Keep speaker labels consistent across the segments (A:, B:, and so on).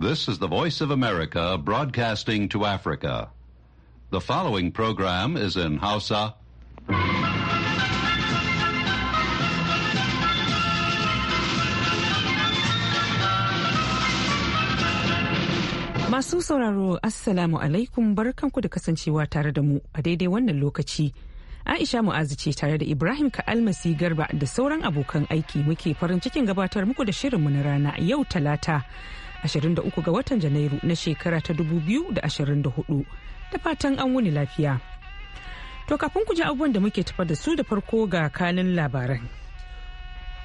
A: This is the Voice of America broadcasting to Africa. The following program is in Hausa. Masu sauraro Assalamu alaikum barkanku da kasancewa tare da mu a daidai wannan lokaci. Aisha Mu'azu ce tare da Ibrahim Ka'almasi Garba da sauran abokan aiki muke farin cikin gabatar muku da shirinmu na rana yau talata 23 ga watan Janairu na shekara ta 2024 da fatan an wuni lafiya. To kafin ku ji abubuwan da muke tafa da su da farko ga kanin labaran.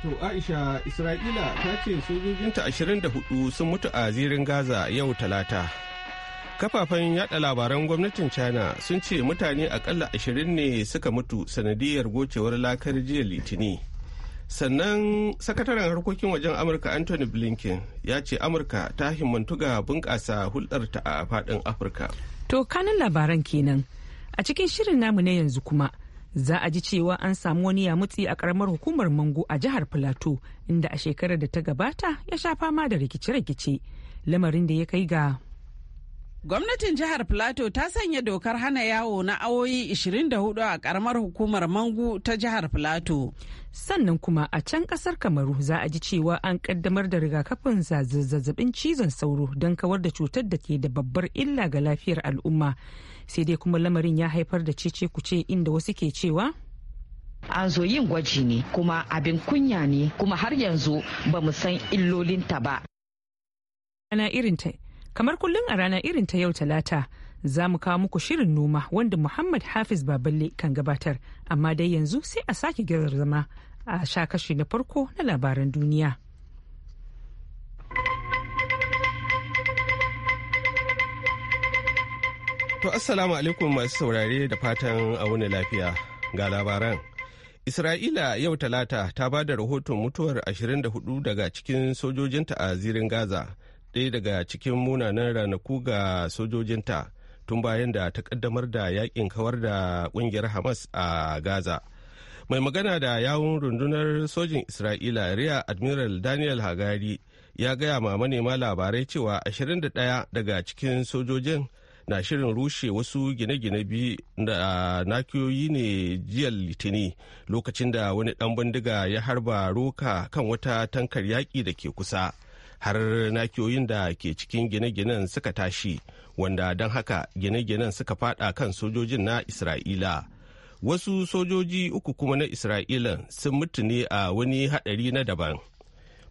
B: To Aisha Isra'ila ta ce sojojinta 24 sun mutu a zirin Gaza yau talata. Kafafen yada labaran gwamnatin China sun ce mutane akalla 20 ne suka mutu sanadiyar gocewar lakar jiya litini. sannan sakataren harkokin wajen amurka anthony blinken ya ce amurka ta himmantu ga bunƙasa hulɗarta a faɗin afirka
A: to kanin labaran kenan a cikin shirin namu na yanzu kuma za a ji cewa an samu wani ya yamutsi a karamar hukumar mango a jihar plateau inda a shekarar da ta gabata ya sha fama da rikice-rikice lamarin da ya kai ga
C: Gwamnatin jihar Plateau ta sanya dokar hana yawo na awoyi 24 a karamar hukumar
A: Mangu ta jihar Plateau. Sannan kuma a can kasar Kamaru za a ji cewa an kaddamar da rigakafin zazzabin cizon sauro don kawar da cutar da ke da babbar illa ga lafiyar al'umma. Sai dai kuma lamarin ya haifar da cece kuce inda wasu ke cewa
D: an zo yin gwaji ne kuma abin kunya ne kuma har yanzu ba mu san illolinta ba. Ana irinta Kamar kullum a ranar irin ta yau
A: talata za mu kawo muku shirin noma wanda Muhammad Hafiz Baballe kan gabatar amma dai yanzu sai a sake girar zama a sha kashi na farko na labaran duniya.
B: To assalamu alaikum masu saurare da fatan a wani lafiya ga labaran. Isra'ila yau talata ta ba da rahoton mutuwar 24 daga cikin sojojinta a zirin Gaza daya daga cikin munanan ranaku ga sojojinta tun bayan da ta kaddamar da yakin kawar da ƙungiyar hamas a gaza mai magana da yawun rundunar sojin isra'ila riya admiral daniel hagari ya gaya ma manema labarai cewa 21 daga cikin sojojin na shirin rushe wasu gine-gine biyu da nakiyoyi ne jiya litini lokacin da wani ɗan bindiga ya harba roka kan wata tankar yaƙi da ke kusa har nakiyoyin da ke cikin gine-ginen suka tashi wanda don haka gine-ginen suka fada kan sojojin na isra'ila wasu sojoji uku kuma na isra'ila sun mutu ne a wani haɗari na daban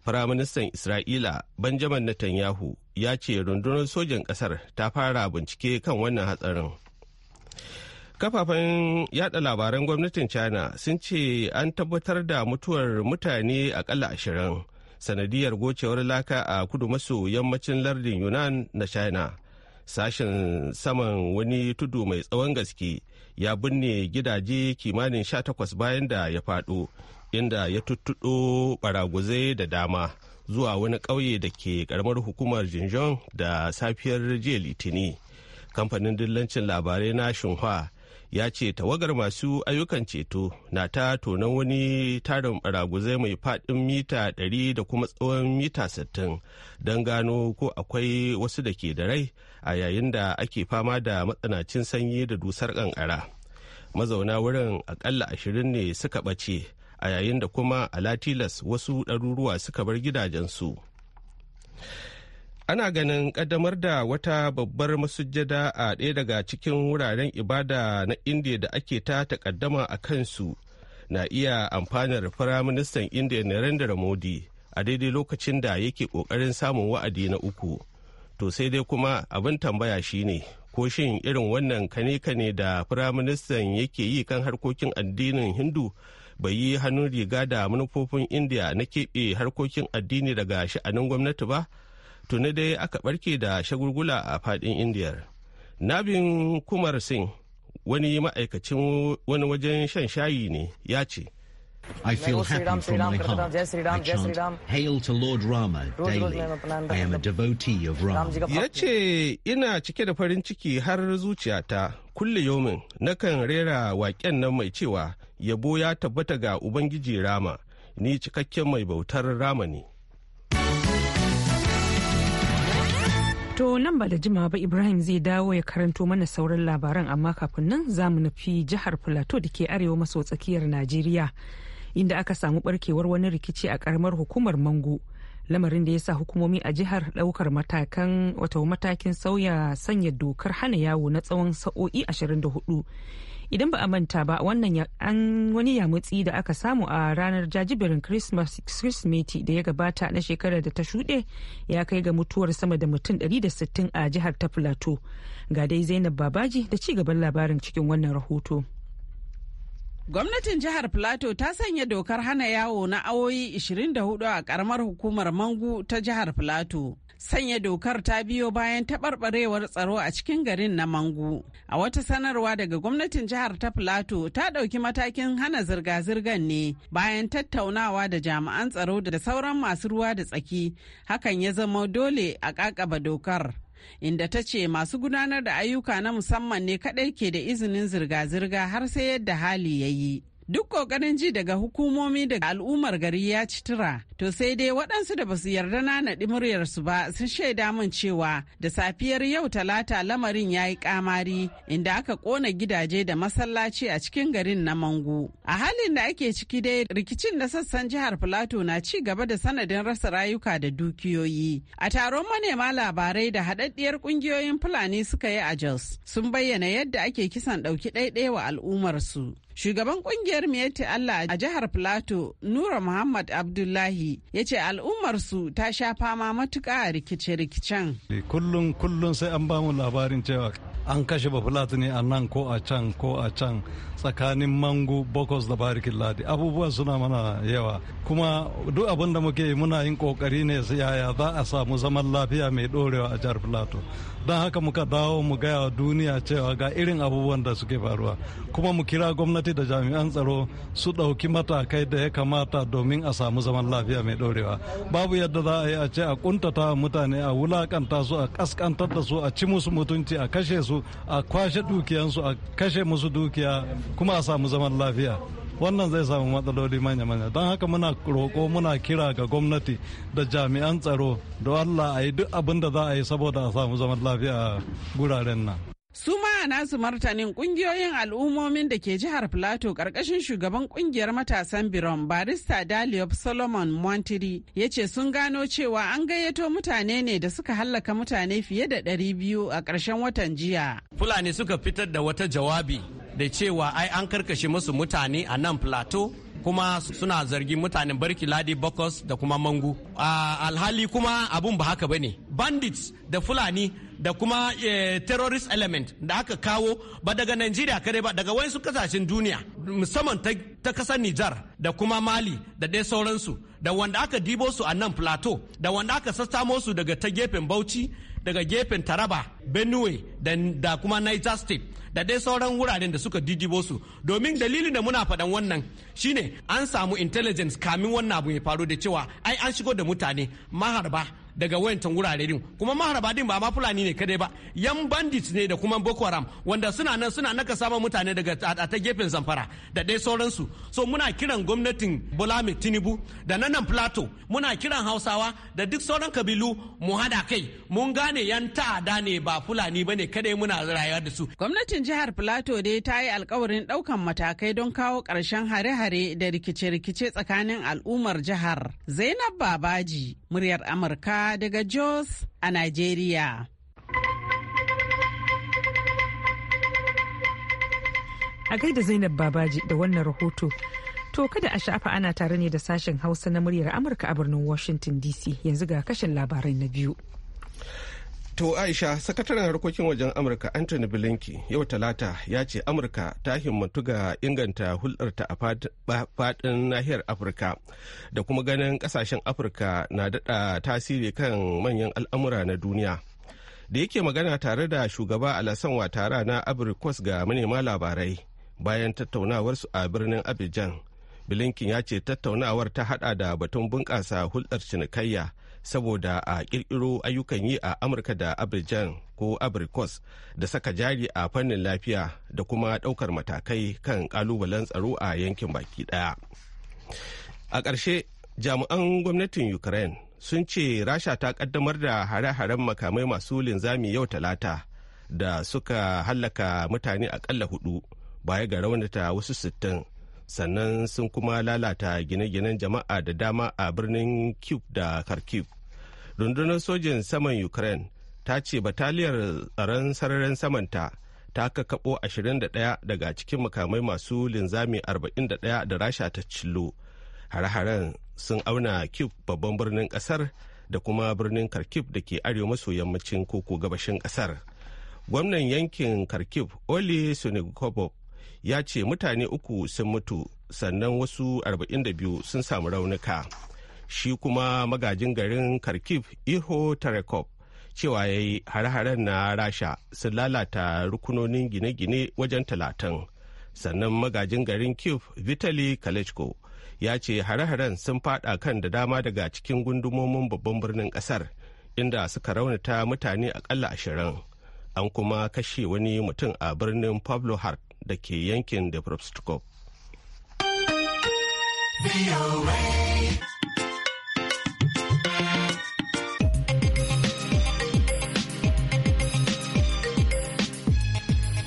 B: firaministan isra'ila benjamin netanyahu ya ce rundunar sojin ƙasar ta fara bincike kan wannan hatsarin kafafen yada labaran gwamnatin china sun ce an tabbatar da mutuwar mutane akalla ashirin sanadiyar gocewar laka a kudu maso yammacin lardin yunan na china sashen saman wani tudu mai tsawon gaske ya binne gidaje kimanin sha takwas bayan da ya fado inda ya tuttuɗo baraguzai da dama zuwa wani ƙauye da ke karamar hukumar jinjong da safiyar jiya litini kamfanin dillancin labarai na xinhua. ya ce tawagar masu ayyukan ceto na ta tonon wani tarin baraguzai mai faɗin mita 100 da kuma tsawon mita 60 don gano ko akwai wasu da ke da rai a yayin da ake fama da matsanancin sanyi da dusar ƙanƙara mazauna wurin akalla 20 ne suka ɓace a yayin da kuma a latilas wasu ɗaruruwa suka bar gidajensu ana ganin kaddamar da wata babbar masujjada a ɗaya daga cikin wuraren ibada na indiya da ake ta takaddama a kansu na iya amfanar firaministan indiya narendra modi a daidai lokacin da yake ƙoƙarin samun wa'adi na uku to sai dai kuma abin tambaya shine ko shin irin wannan kane-kane da firaministan yake yi kan harkokin addinin hindu bai yi hannun riga da manufofin indiya na keɓe harkokin addini daga sha'anin gwamnati ba tuni dai aka barke da shagulgula a fadin indiyar nabin kumar singh wani ma'aikacin wani wajen shan shayi ne ya ce I feel happy from my heart. I chant, Hail to Lord
E: Rama
A: daily. I
E: am a devotee of Rama. Ya
B: ce, ina cike da farin ciki har zuciyata kulle yomin nakan rera waƙen nan mai cewa yabo ya tabbata ga Ubangiji Rama, ni cikakken mai bautar Rama ne.
A: To nan ba da jima ba Ibrahim zai dawo ya karanto mana sauran labaran amma kafin nan za mu nufi jihar Plateau da ke arewa maso tsakiyar Najeriya inda aka samu barkewar wani rikici a karamar hukumar Mango. Lamarin da ya sa hukumomi a jihar daukar matakan wato matakin sauya sanya dokar hana yawo na tsawon sa'o'i 24 idan ba a manta ba wannan an wani yamutsi da aka samu a ranar jajiberin kirsimeti da ya gabata na shekarar da ta shuɗe ya kai ga mutuwar sama da mutum 160 a jihar ta plateau ga dai zainab babaji da ci gaban labarin cikin wannan rahoto.
C: Gwamnatin jihar Plateau ta sanya dokar hana yawo na awoyi 24 a karamar hukumar Mangu ta jihar Plateau. Sanya dokar ta biyo bayan taɓarɓarewar tsaro a cikin garin na Mangu. A wata sanarwa daga gwamnatin jihar ta Plateau ta ɗauki matakin hana zirga-zirgar ne bayan tattaunawa da jami'an tsaro da sauran masu ruwa da tsaki. Hakan ya zama dole a ƙaƙaba dokar. inda ta ce masu gudanar da ayyuka na musamman ne kadai ke da izinin zirga-zirga har sai yadda hali ya yi. Duk ƙoƙarin ji daga hukumomi da al'ummar gari ya ci tura, to sai dai waɗansu da basu yarda na naɗi muryarsu ba sun shaida mun cewa da safiyar yau talata lamarin ya yi ƙamari inda aka ƙona gidaje da masallaci a cikin garin na Mangu. A halin da ake ciki dai rikicin da sassan jihar Filato na ci gaba da sanadin rasa rayuka da dukiyoyi. A taron manema labarai da haɗaɗɗiyar ƙungiyoyin Fulani suka yi a Jos sun bayyana yadda ake kisan ɗauki ɗaiɗai wa al'ummarsu. Shugaban kungiyar Miyetti Allah a jihar Plateau, Nura Muhammad Abdullahi, ya ce al'ummarsu ta sha fama matuka a rikice-rikicen.
E: Eh, kullum kullum sai an bamu labarin cewa an kashe ba Filato ne a nan ko a can ko a can tsakanin mangu bokos da barikin ladi abubuwa suna mana yawa kuma duk abinda da muke muna yin kokari ne yaya za a samu zaman lafiya mai dorewa a jihar plateau don haka muka dawo mu gaya wa duniya cewa ga irin abubuwan da suke faruwa kuma mu kira gwamnati da jami'an tsaro su ɗauki matakai da ya kamata domin a samu zaman lafiya mai ɗorewa babu yadda za a yi a ce a kuntata mutane a wulakanta su a kaskantar da su a ci musu mutunci a kashe su a kwashe dukiyansu a kashe musu dukiya kuma a samu zaman lafiya wannan zai samu matsaloli manya-manya don haka muna roko muna kira ga gwamnati da jami'an tsaro da allah a yi duk abin da za a yi saboda a samu zaman lafiya a guraren
A: nan
C: su ma nasu martanin kungiyoyin al'ummomin da ke jihar plateau karkashin shugaban kungiyar matasan biron barista daliop solomon montiri ya ce sun gano cewa an gayyato mutane ne da suka hallaka mutane fiye da 200 a ƙarshen watan jiya
E: fulani suka fitar da wata jawabi da cewa ai an karkashe musu mutane a nan plateau kuma suna zargin mutanen barki ladi bakos da kuma mangu alhali kuma abun ba haka bane bandits da fulani da kuma eh, terrorist element da aka kawo ba daga Najeriya kare ba daga wasu kasashen duniya musamman ta kasar Nijar da kuma Mali da dai sauransu da wanda aka dibo su a nan plateau da wanda aka sassamo su daga ta gefen Bauchi daga gefen taraba benue da kuma niger state da dai sauran wuraren da suka didibo su domin dalilin da muna faɗan wannan shine an samu intelligence kamin wannan abu ya faru da cewa ai an shigo da mutane maharba daga wayancan wurare din kuma maharabadin din ba ma fulani ne kadai ba yan bandits ne da kuma boko haram wanda suna nan suna naka samun mutane daga ta gefen zamfara da dai sauransu so muna kiran gwamnatin bulami tinubu da nanan plato muna kiran hausawa da duk sauran kabilu mu hada kai mun gane yan ta'ada ne ba fulani ba ne kadai
C: muna rayuwa da su gwamnatin jihar plato dai ta yi alkawarin daukan matakai don kawo karshen hare-hare da rikice-rikice tsakanin al'ummar jihar zainab babaji muryar amurka daga Jos a Najeriya.
A: A gaida Zainab Babaji da wannan rahoto. To kada a sha'afa ana tare ne da sashen Hausa na muryar Amurka a birnin Washington DC yanzu ga kashin labarai na biyu.
B: To Aisha, sakataren harkokin wajen Amurka Anthony Blinken yau talata ya ce Amurka ta himmatu ga inganta hulɗarta a faɗin nahiyar Afirka da kuma ganin ƙasashen Afirka na daɗa tasiri kan manyan al'amura na duniya. Da yake magana tare da shugaba Alasan Watara na Abirikos ga manema labarai bayan tattaunawarsu a birnin Abidjan. Blinken ya ce tattaunawar ta haɗa da batun bunƙasa hulɗar cinikayya. saboda a kirkiro ayyukan yi a amurka da abirjan ko abirikos da saka jari a fannin lafiya da kuma daukar matakai kan kalubalen tsaro a yankin baki daya a ƙarshe jami'an gwamnatin ukraine sun ce rasha ta kaddamar da hare-haren makamai masu linzami yau talata da suka hallaka mutane akalla hudu baya ga raunata wasu sittin sannan sun kuma lalata gine-ginen jama'a da dama a birnin cube da kharkiv rundunar sojin saman ukraine ta ce bataliyar tsaron sararin samanta ta kakaɓo 21 daga cikin makamai masu linzami 41 da rasha ta cillo har haren sun auna kyiv babban birnin kasar da kuma birnin kharkiv da ke arewa maso yammacin koko gabashin kasar gwamnan yankin kharkiv ole sunikobov ya ce mutane uku sun mutu sannan wasu 42 sun samu raunuka. shi kuma magajin garin kharkiv iho tarekov cewa ya yi hare-haren na rasha sun lalata rukunonin gine-gine wajen talatin sannan magajin garin kiev vitali kalechko ya ce hare-haren sun fada kan da dama daga cikin gundumomin babban birnin kasar inda suka raunata mutane akalla ashirin an kuma kashe wani mutum a birnin pablo hart da ke yankin da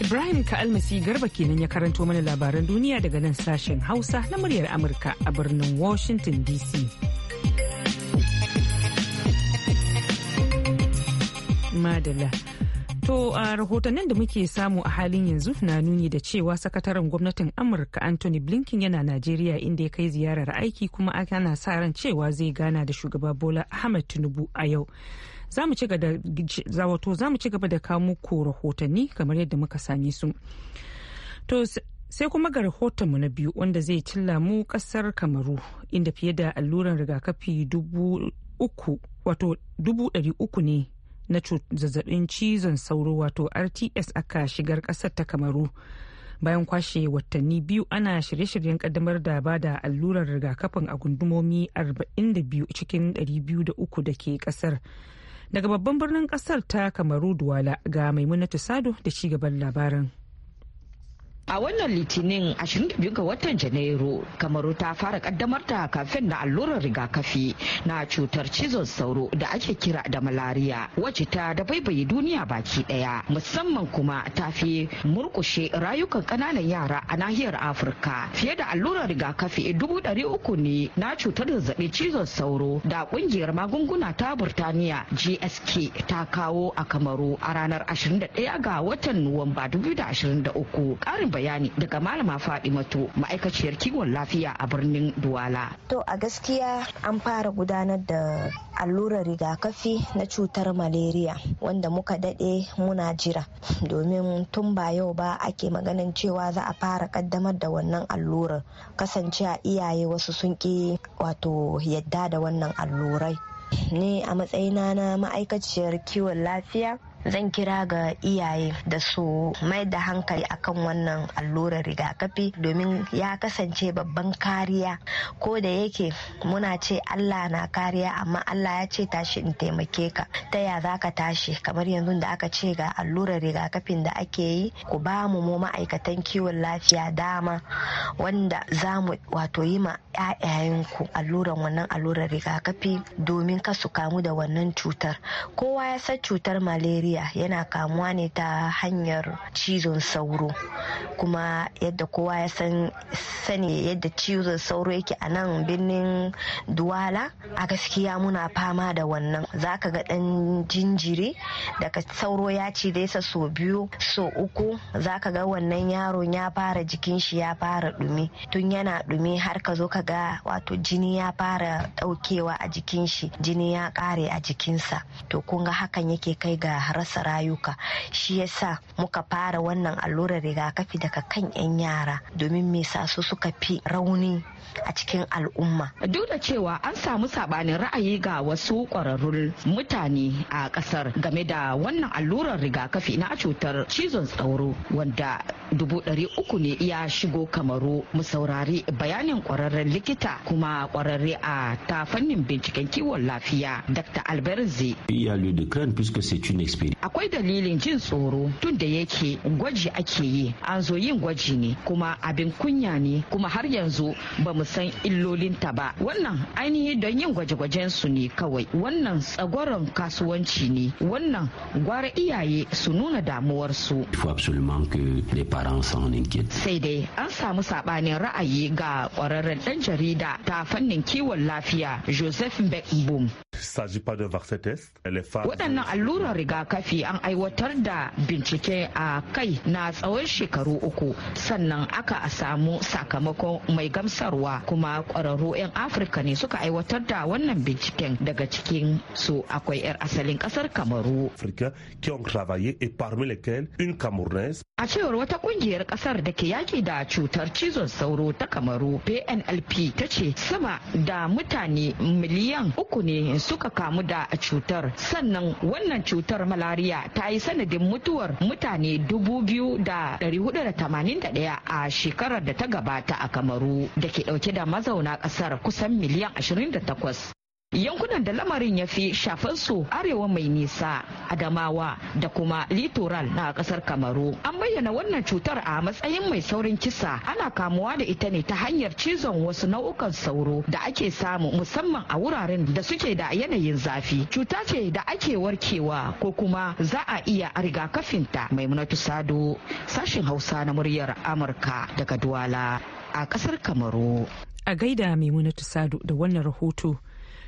A: Ibrahim kalmasi Garba kenan ya karanto mana labaran duniya daga nan sashen Hausa na muryar Amurka a birnin Washington DC. Madala. To a rahotannin da muke samu a halin yanzu na nuni da cewa sakataren gwamnatin Amurka Anthony Blinken yana Najeriya inda ya kai ziyarar aiki kuma ana sa ran cewa zai gana da shugaba Bola Ahmed Tinubu a yau. za mu ci gaba da kawo ko rahotanni kamar yadda muka same su to sai kuma ga rahotonmu na biyu wanda zai cilla mu kasar kamaru inda fiye da alluran rigakafi dubu uku wato dubu ɗari uku ne na zazzabin cizon sauro wato rts aka shigar ƙasar ta kamaru bayan kwashe watanni biyu ana shirye-shiryen kaddamar da ba da alluran rigakafin a gundumomi 42 cikin 203 da ke kasar daga babban birnin kasar ta kamaru duwala ga maimunatu sado da gaban labaran
D: A wannan litinin 22 ga watan Janairu, Kamaru ta fara kaddamar da kafin na allurar rigakafi na cutar cizon sauro da ake kira da malaria wacce ta da baibaye duniya baki daya musamman kuma ta fi murkushe rayukan kananan yara a nahiyar Afirka. Fiye da allurar rigakafi dubu ne na cutar zazzabi cizon sauro da kungiyar magunguna ta Burtaniya GSK ta kawo a Kamaru a ranar 21 ga watan Nuwamba 2023. bayani daga malama mato ma'aikaciyar
F: kiwon lafiya a birnin Duwala. To a gaskiya an fara gudanar da allurar rigakafi na cutar malaria wanda muka dade muna jira domin tun ba yau ba ake maganin cewa za a fara kaddamar da wannan allurar kasance a iyaye wasu sun ki wato yadda da wannan allurai. ne a matsayina na ma'aikaciyar kiwon lafiya zan kira ga iyaye da su mai da hankali akan wannan allurar rigakafi domin ya kasance babban kariya ko da yake muna ce allah na kariya amma allah ya ce tashi in taimake ka ta ya za ka tashi kamar yanzu da aka ce ga allurar rigakafin da ake yi ku ba mu mu ma'aikatan kiwon lafiya dama wanda za mu wato yi ma 'ya'yayenku alluran wannan allurar rigakafi domin ka su kamu da wannan cutar kowa ya san cutar malaria malaria yana kamuwa ne ta hanyar cizon sauro kuma yadda kowa ya sani yadda cizon sauro yake a nan birnin duwala a gaskiya muna fama da wannan za ka ga ɗan jinjiri daga sauro ya dai sa so biyu so uku za ka ga wannan yaron ya fara jikin shi ya fara dumi tun yana dumi har ka zo ka ga wato jini ya fara ɗaukewa a jikin shi jini ya kare a jikinsa to kun ga hakan yake kai ga har rasa rayuka shi yasa muka fara wannan allurar rigakafi daga kan 'yan yara domin me sa su suka fi rauni a cikin al'umma duk da cewa an samu sabanin ra'ayi ga wasu
D: ƙwararrun mutane a ƙasar game da wannan allurar rigakafi na cutar cizon tsauro wanda dubu ɗari uku ne ya shigo kamaru mu saurari bayanin ƙwararren likita kuma ƙwararre a ta fannin binciken kiwon lafiya dr alberzi akwai dalilin jin tsoro tun da yake gwaji ake yi an zo yin gwaji ne kuma abin kunya ne kuma har yanzu ba mu san ta ba wannan ainihi don yin gwaje-gwajen su ne kawai wannan tsagoron kasuwanci ne wannan gwara iyaye su nuna damuwar damuwarsu sai dai an samu sabanin ra'ayi ga kwararren ɗan jarida ta fannin kiwon lafiya joseph beckbom
B: s'agit pas d'un vaccin test.
D: Waɗannan alluran rigakafi an aiwatar da bincike a kai na tsawon shekaru uku sannan aka samu sakamakon mai gamsarwa kuma ƙwararru 'yan Afirka ne suka aiwatar da wannan binciken daga cikin su akwai 'yar asalin ƙasar Kamaru. A cewar wata ƙungiyar ƙasar da ke yaki da cutar cizon sauro ta Kamaru PNLP ta ce sama da mutane miliyan uku ne suka kamu da cutar sannan wannan cutar malaria ta yi sanadin mutuwar mutane dubu biyu da dari a shekarar da ta gabata a kamaru da ke dauke da mazauna kasar kusan miliyan ashirin da yankunan da lamarin ya fi su arewa mai nisa adamawa da kuma Littoral na kasar kamaru an bayyana wannan cutar a matsayin mai saurin kisa ana kamuwa da ita ne ta hanyar cizon wasu nau'ukan sauro da ake samu musamman a wuraren da suke da yanayin zafi cuta ce da ake warkewa ko kuma za a iya rigakafinta maimunatu sado sashen hausa na muryar amurka daga duwala a kasar kamaru a
A: gaida maimunatu sado da wannan rahoto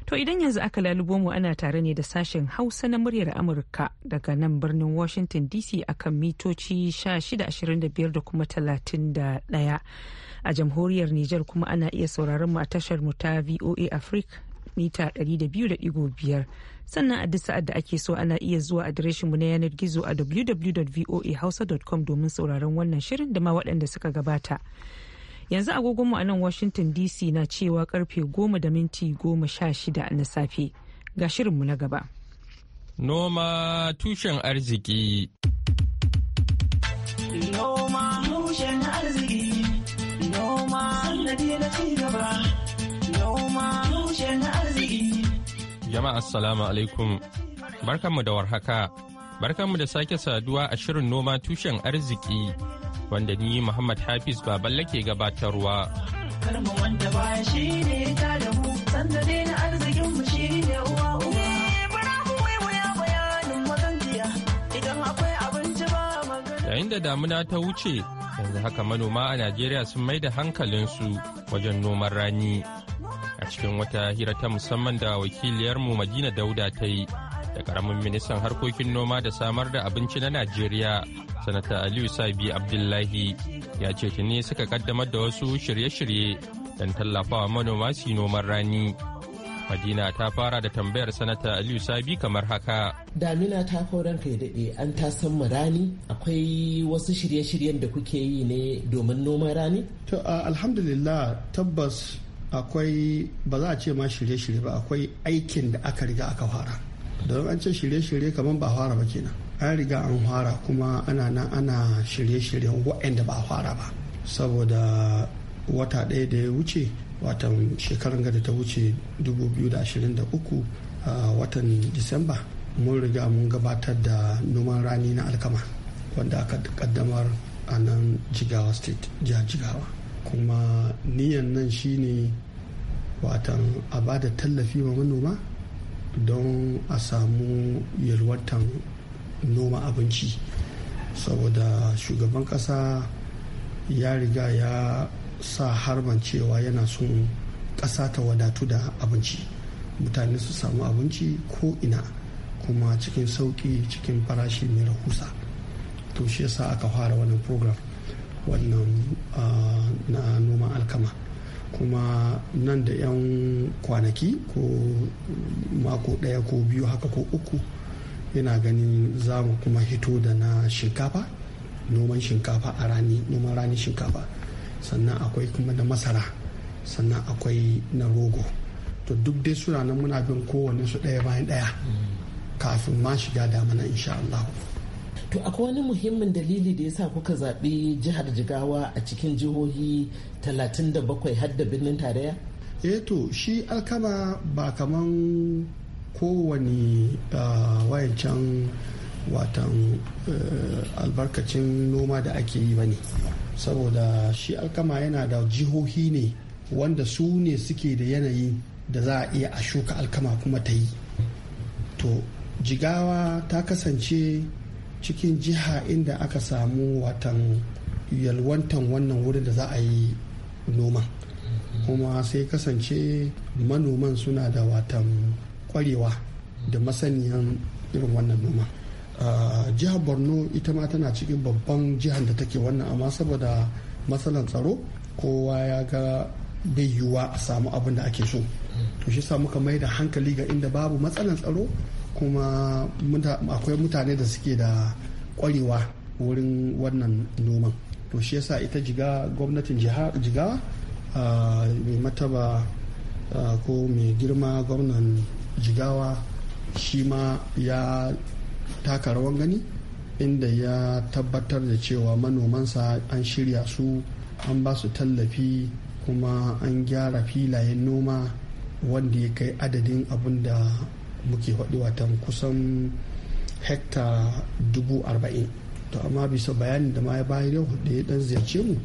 A: To idan yanzu aka lalubo mu ana tare ne da sashen Hausa na muryar Amurka daga nan birnin Washington DC akan mitoci 1625 da kuma 31. A jamhuriyar Nijar kuma ana iya sauraron mu a tashar mu ta VOA Africa mita da 200.5 sannan a duk sa'ad da ake so ana iya zuwa mu na yanar gizo a www.voahausa.com domin sauraron wannan shirin da ma waɗanda suka gabata. yanzu agogonmu a nan washington dc na cewa karfe goma da minti goma sha shida na safe ga shirinmu na gaba
G: noma tushen arziki
H: noma tushen arziki noma sannadi na cigaba noma tushen arziki
G: jama'a assalamu alaikum barkanmu da warhaka barkanmu da sake saduwa a shirin noma tushen arziki wanda ni Muhammad Hafiz Baballe ke gabatarwa. da Yayin da damuna ta wuce, yanzu haka manoma a Najeriya sun mai da hankalinsu wajen noman rani. A cikin wata hira ta musamman da wakiliyarmu Madina Dauda ta yi, da karamin ministan harkokin noma da samar da abinci na najeriya sanata aliyu sabi abdullahi ya ce tuni suka kaddamar da wasu shirye-shirye don tallafawa manoma su noman rani madina ta fara da tambayar sanata aliyu sabi kamar haka
E: damina ta kauran kai daɗe an ta san rani akwai wasu shirye-shiryen da kuke yi ne domin noman rani to alhamdulillah
I: tabbas akwai ba za a ce ma shirye-shirye ba akwai aikin da aka riga aka fara don an ce shirye-shirye kamar ba fara ba kenan an riga an fara kuma ana nan ana shirye-shiryen waɗanda ba fara ba saboda wata ɗaya da ya wuce watan shekaran gada ta wuce 2023 watan disamba mun riga mun gabatar da noman rani na alkama wanda aka kaddamar a nan jigawa state jihar jigawa kuma niyan nan shine watan a ba da tallafi wa manoma don a samu yalwatan noma abinci saboda shugaban kasa ya riga ya sa harban cewa yana son ƙasa ta wadatu da abinci mutane su samu abinci ko ina kuma cikin sauƙi cikin farashi mai rahusa to shi yasa aka fara wannan program wannan ah, na noman alkama kuma nan da 'yan kwanaki ko mako daya ko biyu haka ko uku yana ganin za mu kuma hito da na shinkafa noman shinkafa a rani noman rani shinkafa sannan akwai kuma da masara sannan akwai na rogo to duk dai suna nan muna bin kowane su ɗaya bayan
E: daya mm. kafin ma shiga damana insha Allah. To akwai wani muhimmin dalili da ya sa kuka zaɓi jihar Jigawa a cikin jihohi 37 har da birnin tarayya?
I: Eh to shi alkama ba kaman kowane ah, wayancan watan eh, albarkacin noma da ake yi ba ne saboda shi alkama yana da jihohi ne wanda su ne suke da yanayi da za a iya a shuka alkama kuma ta yi to jigawa ta kasance cikin jiha inda aka samu watan yalwantan wannan wurin da za a yi noma kuma sai kasance manoman suna da watan kwarewa da masaniyan irin wannan noma jihar borno ita ma tana cikin babban jihar da take wannan amma saboda matsalan tsaro kowa ya ga bai yiwuwa a samu abin da ake so to shi sa muka mai da hankali ga inda babu matsalan tsaro kuma akwai mutane da suke da kwarewa wurin wannan noman to shi yasa ita jiga gwamnatin jiga mai mataba ko mai girma gwamnan jigawa shi ma ya taka rawan gani inda ya tabbatar da cewa manomansa an shirya su an ba su tallafi kuma an gyara filayen noma wanda ya kai adadin abin da muke faɗi watan kusan hekta dubu arba'in to amma bisa bayanin da ma ya bayan yau da ya dan ziyarce mu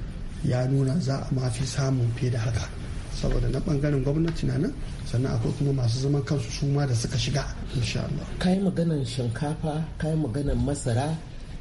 I: ya nuna za a mafi samun fiye da haka saboda na bangaren gwamnati na nan sannan akwai kuma masu zaman kansu su ma da suka shiga
E: insha Allah kai maganan shinkafa kai maganan masara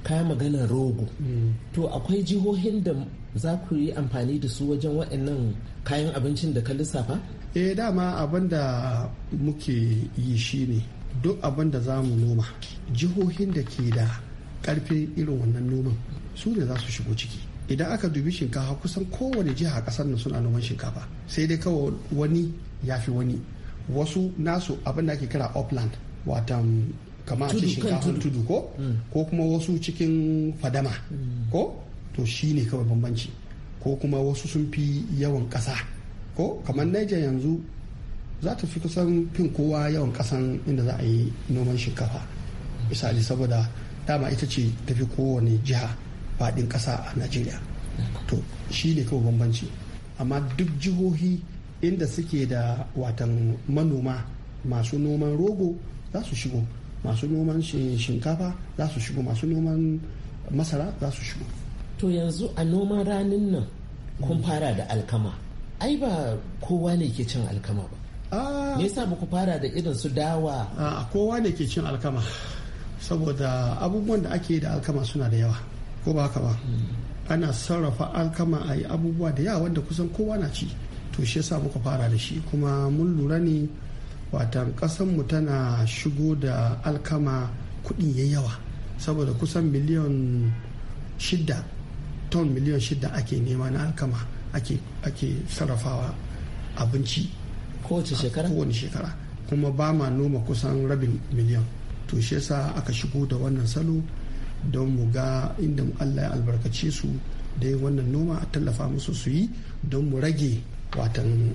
E: Kayan maganar rogo mm. to akwai jihohin da za ku yi amfani da su wajen waɗannan
C: kayan abincin da ka lissafa
I: eh dama abin da muke yi shi ne. duk abin da za mu noma jihohin da ke da ƙarfin irin wannan noman su ne za su shigo ciki idan aka dubi shinkafa kusan kowane jiha kasar nan suna noman shinkafa sai dai kawai wani ya fi wani wasu nasu abin da ake kira upland watan kama a ce shinkafan tudu ko mm. ko kuma wasu cikin fadama mm. ko to shi ne kawai bambanci ko kuma wasu sun fi yawan ƙasa ko kamar Niger yanzu za ta fi kusan fin kowa yawan ƙasan inda za a yi noman shinkafa misali saboda dama ita ce tafi kowane jiha faɗin ƙasa a najeriya to shi ne kawai bambanci amma duk jihohi inda suke da watan manoma masu noman rogo za su shigo masu noman shinkafa za su shigo masu noman masara
E: za su shigo to yanzu a noman ranin nan kun fara da alkama ai ba kowa ne ke cin alkama ba me yasa ba ku fara da irin su dawa
I: a kowa ne ke cin alkama saboda abubuwan da ake da alkama suna da yawa ko ba haka ba hmm. ana sarrafa alkama a yi abubuwa da yawa wanda kusan kowa na ci to shi yasa muka fara da shi kuma mun lura ne watan ƙasanmu tana shigo da alkama kuɗin ya yawa saboda kusan miliyan shida ton miliyan shida ake nema na alkama ake, ake sarrafawa abinci kowace shekara kowace shekara kuma ba ma noma kusan rabin miliyan to shi yasa aka shigo da wannan salo don mu ga inda allah ya albarkace su da wannan noma a tallafa musu su yi don mu rage watan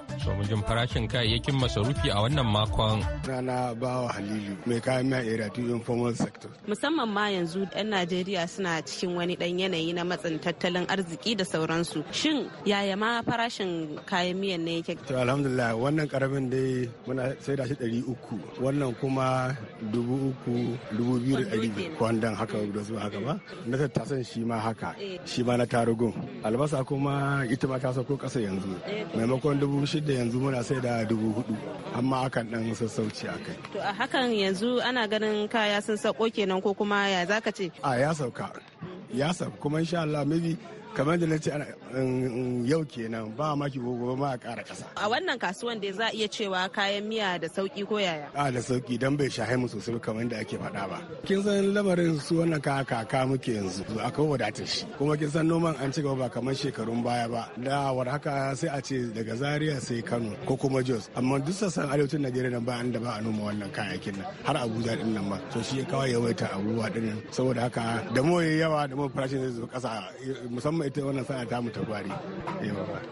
G: domin jin farashin kayayyakin masarufi a wannan makon.
J: Rana bawa Halilu mai kayan mai area to informal sector.
H: Musamman ma yanzu 'yan Najeriya suna cikin wani dan yanayi na matsin tattalin arziki da sauransu. Shin yaya ma farashin kayan miyan ne yake? To
J: alhamdulillah wannan karamin dai muna sai da shi ɗari uku wannan kuma dubu uku dubu biyu da ɗari kwandan haka da su haka ba. Na tattasan shi ma haka eh. shi ma na tarugun. Albasa kuma ita ma ta sauko ƙasa yanzu eh. maimakon dubu shida da yanzu muna sai da dubu hudu amma akan dan sassauci a kai.
H: To a hakan yanzu ana ganin kaya sun sauko kenan ko kuma ya zaka ce?
J: A ya sauka. Ya sauka kuma insha Allah maybe kamar da na yau kenan ba ma ki gogo ma a kasa ƙasa.
H: A wannan kasuwan da za a iya cewa kayan miya da sauki ko yaya?
J: A da sauki dan bai sha mu sosai kamar da ake faɗa ba. Kin san lamarin su wannan ka kaka muke yanzu a kawo wadatar shi kuma kin san noman an ci gaba ba kamar shekarun baya ba da war haka sai a ce daga Zaria sai Kano ko kuma Jos amma duk sassan arewacin Najeriya nan ba an da ba a noma wannan kayayyakin nan har Abuja din nan ma to shi ya yawaita abubuwa din saboda haka da mu yawa da mu farashin zai zo kasa musamman kuma ita wannan sana ta mutu gwari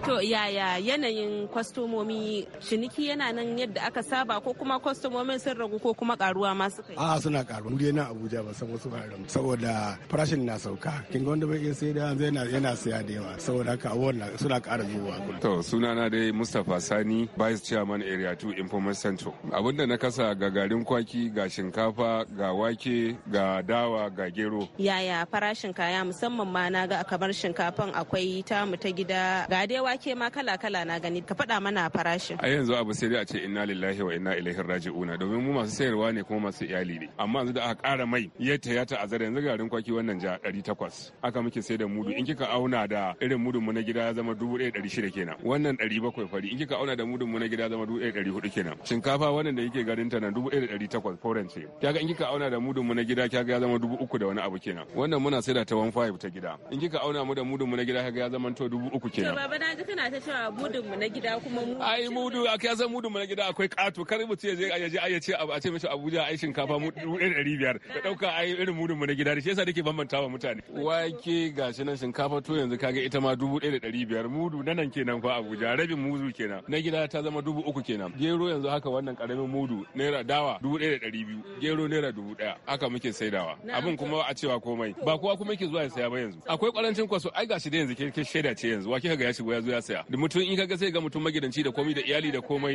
H: to yaya yanayin kwastomomi ciniki yana nan yadda aka saba ko kuma kwastomomin sun ragu ko kuma karuwa ma suka yi
J: a suna karuwa dai na Abuja ba san wasu haram saboda farashin na sauka kin ga wanda bai iya sayar da yana yana saya da yawa saboda haka wannan suna ƙara zuwa
K: to sunana dai Mustapha Sani Vice Chairman Area 2 Information Central abinda na kasa ga garin kwaki ga shinkafa ga wake ga dawa ga gero
H: yaya farashin kaya musamman ma na ga kamar shinkafa kafin akwai tamu ta gida ga dai wake ma kala kala na gani ka faɗa mana farashin a
K: yanzu abu sai dai a ce inna lillahi wa inna ilaihi raji'una domin mu masu sayarwa ne kuma masu iyali ne amma yanzu da aka ƙara mai yadda ya taya ta azara yanzu garin kwaki wannan ja 800 aka muke sai da mudu in kika auna da irin mudun mu na gida ya zama 1600 kenan wannan 700 fari in kika auna da mudun mu na gida ya zama 1400 kenan shinkafa wannan da yake garin ta nan 1800 foreign ce kaga in kika auna da mudun mu na gida kaga ya zama 3000 da wani abu kenan wannan muna sai da ta 15 ta gida in kika auna mu da mudun mu na gida kaga ya zama to dubu uku ke To
H: baba na ga kana ta cewa mudun mu na gida kuma mu. Ai
K: mudu a kasan mudun mu na gida akwai kato kar mutum ya je ya je a ce a ce mishi Abuja ai shinkafa mudu ɗari biyar da dauka ai irin mudun mu na gida shi yasa nake bambanta wa mutane. Wake gashi nan shinkafa to yanzu kaga ita ma dubu ɗaya ɗari biyar mudu na nan kenan fa Abuja rabin mudu kenan na gida ta zama dubu uku kenan gero yanzu haka wannan karamin mudu naira dawa dubu ɗaya ɗari biyu gero naira dubu ɗaya haka muke saidawa abin kuma a cewa komai ba kowa kuma yake zuwa ya saya ba yanzu akwai ƙwarancin kwaso ai shi da yanzu ke shaida ce yanzu wa kika ga ya shigo ya zo ya saya mutum in kaga sai ga mutum magidanci da komai da iyali da komai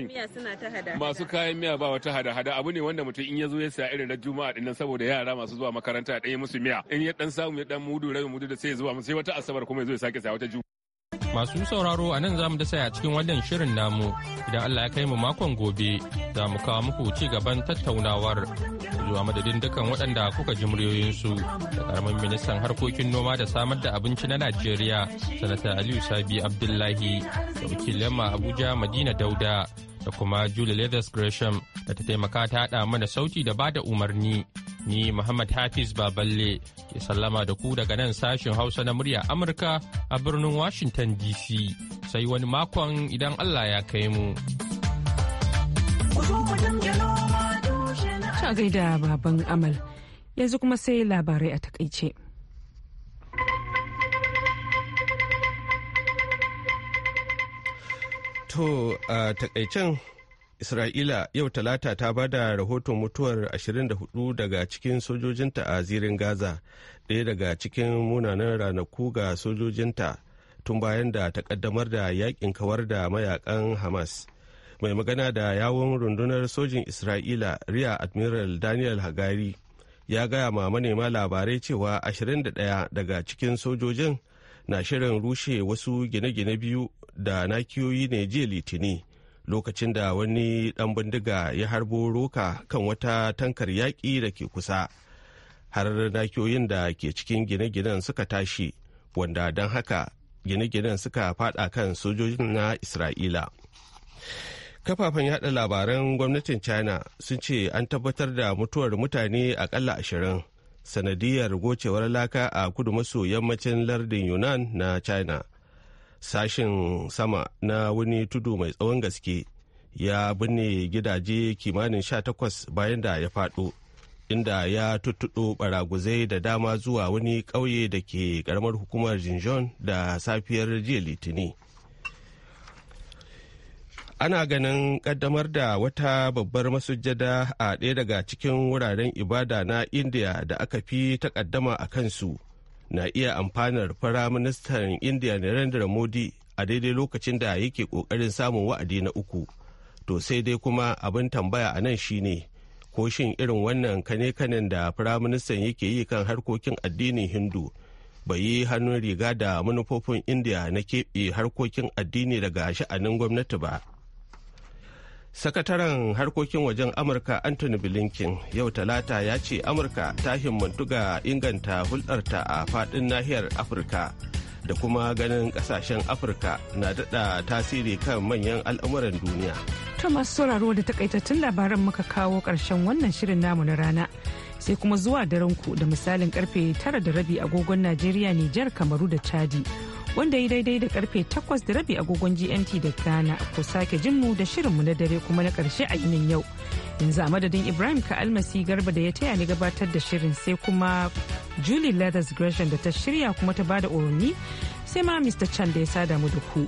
K: masu kayan miya ba wata hada hada abu ne wanda mutum in ya zo ya saya irin na juma'a din nan saboda yara masu zuwa makaranta ɗaya musu miya in ya dan samu ya dan mudu rabin mudu da sai ya zuwa sai wata asabar kuma ya zo ya sake saya wata juma'a
G: Masu sauraro a nan za mu da saya cikin wannan shirin namu idan Allah ya kai mu makon gobe za mu kawo muku ci gaban tattaunawar zuwa madadin dukkan waɗanda kuka ji muryoyinsu da karamin ministan harkokin noma da samar da abinci na Najeriya sanata Aliyu Sabi Abdullahi da wakilin Abuja Madina Dauda. da kuma Julie Leathers Gresham da ta taimaka ta haɗa mana sauti da bada umarni. Ni Muhammad Hafiz Baballe ke sallama da ku daga nan sashin Hausa na murya Amurka a birnin Washington DC. Sai wani makon idan Allah ya kai mu.
A: Ta gaida baban amal, yanzu kuma sai labarai a takaice.
B: To a takaicen Isra'ila yau talata ta ba da rahoton mutuwar 24 daga cikin sojojinta a zirin Gaza, ɗaya daga cikin munanan ranaku ga sojojinta tun bayan da ta kaddamar da yakin kawar da mayakan Hamas. Mai magana da yawon rundunar sojin Isra'ila Riya Admiral Daniel Hagari ya gaya ma manema labarai cewa 21 daga cikin sojojin na shirin rushe wasu gine-gine biyu da nakiyoyi ne jiya litini lokacin da wani ɗan bindiga ya harbo roka kan wata tankar yaƙi da ke kusa har nakiyoyin da ke cikin gine-ginen suka tashi wanda don haka gine-ginen suka fada kan sojojin na isra'ila kafafen yada labaran gwamnatin china sun ce an tabbatar da mutuwar mutane akalla ashirin sanadiyar gocewar laka a kudu maso yammacin lardin yunan na china sashen sama na wani tudu mai tsawon gaske ya binne gidaje kimanin sha takwas bayan da ya faɗo inda ya tuttuɗo baraguzai da dama zuwa wani ƙauye da ke ƙaramar hukumar jinjon da safiyar jiya litini ana ganin ƙaddamar da wata babbar masujada a ɗaya daga cikin wuraren ibada na india da aka fi takaddama a kansu na iya amfanar firaministan indiya narendra modi a daidai lokacin da yake kokarin samun wa'adi na uku to sai dai kuma abin tambaya a nan shine ko shin irin wannan kane-kanen da firaministan yake yi kan harkokin addinin hindu bai yi hannun riga da manufofin indiya na keɓe harkokin addini daga sha'anin gwamnati ba. sakataren harkokin wajen amurka anthony blinken yau talata ya ce amurka ta himmantu ga inganta hulɗarta a faɗin nahiyar afirka da kuma ganin ƙasashen afirka na daɗa tasiri kan manyan al'amuran duniya
A: ta masu sauraro da takaitattun labaran muka kawo ƙarshen wannan shirin namu na rana sai kuma zuwa daren ku da misalin karfe tara da rabi agogon najeriya nijar kamaru da chadi wanda ya daidai da karfe 8 da rabi agogon GMT da Ghana ko sake jin mu da shirinmu na dare kuma na karshe a yinin yau. Yanzu a madadin Ibrahim ka almasi garba da ya taya ni gabatar da shirin sai kuma Julie Leathers Gresham da ta shirya kuma ta bada umarni sai ma Mr. Chan da ya sada mu da ku.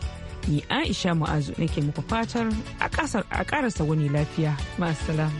A: Ni Aisha Mu'azu nake muku fatar a karasa wani lafiya. masala